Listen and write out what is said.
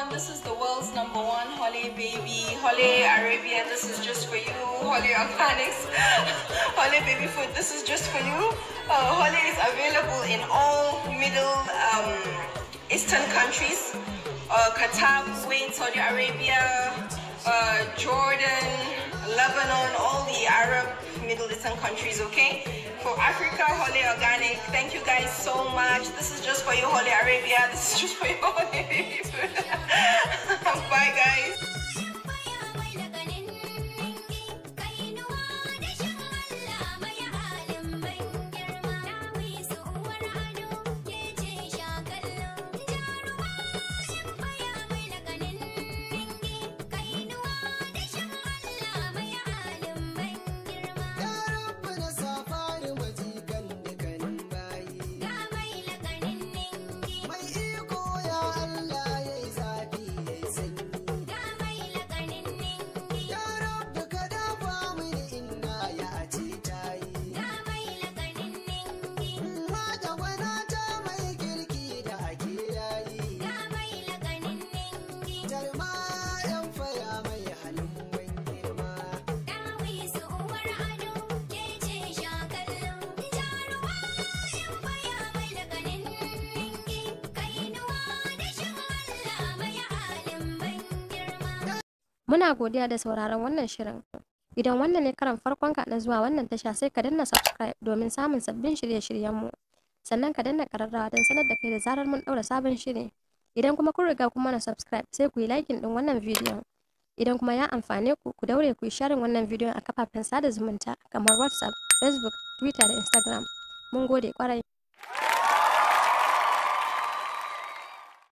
everyone. This is the world's number one Holly baby. Holly Arabia, this is just for you. Holly Organics, Holly baby food, this is just for you. Uh, Holly is available in all Middle um, Eastern countries. Uh, Qatar, Kuwait, Saudi Arabia, uh, Jordan, Lebanon, all the Arab Middle Eastern countries, okay? For Africa, Holy Organic, thank you guys so much. This is just for you, Holy Arabia. This is just for you, Muna godiya da sauraron wannan shirin. Idan wannan ne karan farkon ka na zuwa wannan tasha sai ka danna subscribe domin samun sabbin shirye-shiryenmu. Sannan ka danna kararrawa don sanar da kai da zarar mun ɗaura sabon shiri. Idan kuma kun riga kuma na subscribe sai ku yi likin ɗin wannan bidiyon. Idan kuma ya amfane ku, ku daure ku yi sharing wannan bidiyon a kafafen sada zumunta kamar WhatsApp, Facebook, Twitter da Instagram. Mun gode kwarai.